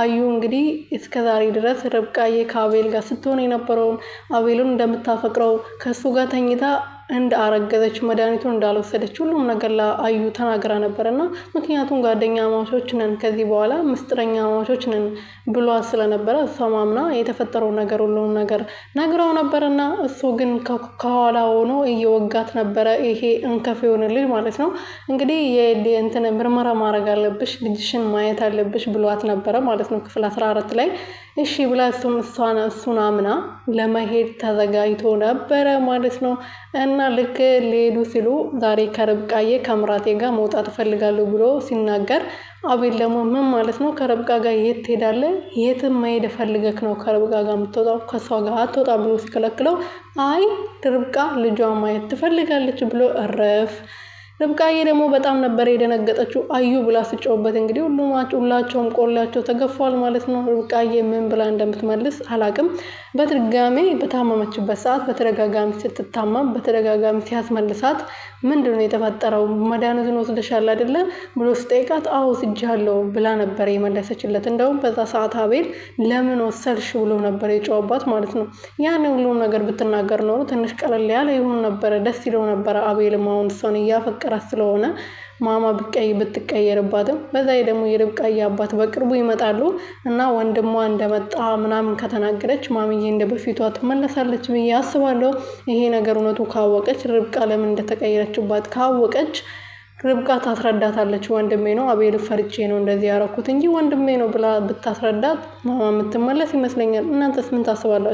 አዩ እንግዲህ እስከ ዛሬ ድረስ ርብቃዬ ከአቤል ጋር ስትሆን የነበረውን አቤልን እንደምታፈቅረው ከእሱ ጋር ተኝታ እንደ አረገዘች መድኃኒቱን እንዳልወሰደች ሁሉም ነገር ለአዩ ተናግራ ነበር እና ምክንያቱም ጓደኛ ማቾች ነን ከዚህ በኋላ ምስጥረኛ ማቾች ነን ብሏት ስለነበረ ሰማምና የተፈጠረው ነገር ሁሉም ነገር ነግረው ነበር እና እሱ ግን ከኋላ ሆኖ እየወጋት ነበረ። ይሄ እንከፍ የሆንልኝ ማለት ነው እንግዲህ የእንትን ምርመራ ማድረግ አለብሽ ልጅሽን ማየት አለብሽ ብሏት ነበረ ማለት ነው ክፍል አስራ አራት ላይ እሺ ብላ እሱን እሷን እሱን አምና ለመሄድ ተዘጋጅቶ ነበረ ማለት ነው። እና ልክ ሊሄዱ ሲሉ ዛሬ ከርብቃዬ ከምራቴ ጋር መውጣት እፈልጋለሁ ብሎ ሲናገር አቤል ደግሞ ምን ማለት ነው? ከርብቃ ጋር የት ትሄዳለህ? የትም መሄድ ፈልገክ ነው ከርብቃ ጋር የምትወጣው ከሷ ጋር አትወጣ ብሎ ሲከለክለው አይ ርብቃ ልጇ ማየት ትፈልጋለች ብሎ እረፍ ርብቃዬ ደግሞ በጣም ነበረ የደነገጠችው። አዩ ብላ ስጫውበት እንግዲህ ሁላቸውም ቆላቸው ተገፏል ማለት ነው። ርብቃዬ ምን ብላ እንደምትመልስ አላቅም። በድጋሜ በታመመችበት ሰዓት በተደጋጋሚ ስትታማም በተደጋጋሚ ሲያስመልሳት ምንድን ነው የተፈጠረው መድኃኒቱን ወስደሻል አይደለ ብሎ ስጠይቃት አዎ ስጃለሁ ብላ ነበረ የመለሰችለት። እንደውም በዛ ሰዓት አቤል ለምን ወሰድሽ ብሎ ነበር የጨዋባት ማለት ነው። ያን ሁሉም ነገር ብትናገር ኖሮ ትንሽ ቀለል ያለ ይሁን ነበረ፣ ደስ ይለው ነበረ። አቤልም አሁን እሷን እያፈቀ እያፈቀራት ስለሆነ ማማ ብቀይ ብትቀየርባትም በዛ ደግሞ የርብቃ አባት በቅርቡ ይመጣሉ እና ወንድሟ እንደመጣ ምናምን ከተናገረች ማምዬ እንደ በፊቷ ትመለሳለች ብዬ አስባለሁ። ይሄ ነገር እውነቱ ካወቀች ርብቃ ለምን እንደተቀየረችባት ካወቀች ርብቃ ታስረዳታለች። ወንድሜ ነው አቤል ፈርቼ ነው እንደዚህ ያረኩት እንጂ ወንድሜ ነው ብላ ብታስረዳት ማማ የምትመለስ ይመስለኛል። እናንተስ ምን ታስባላችሁ?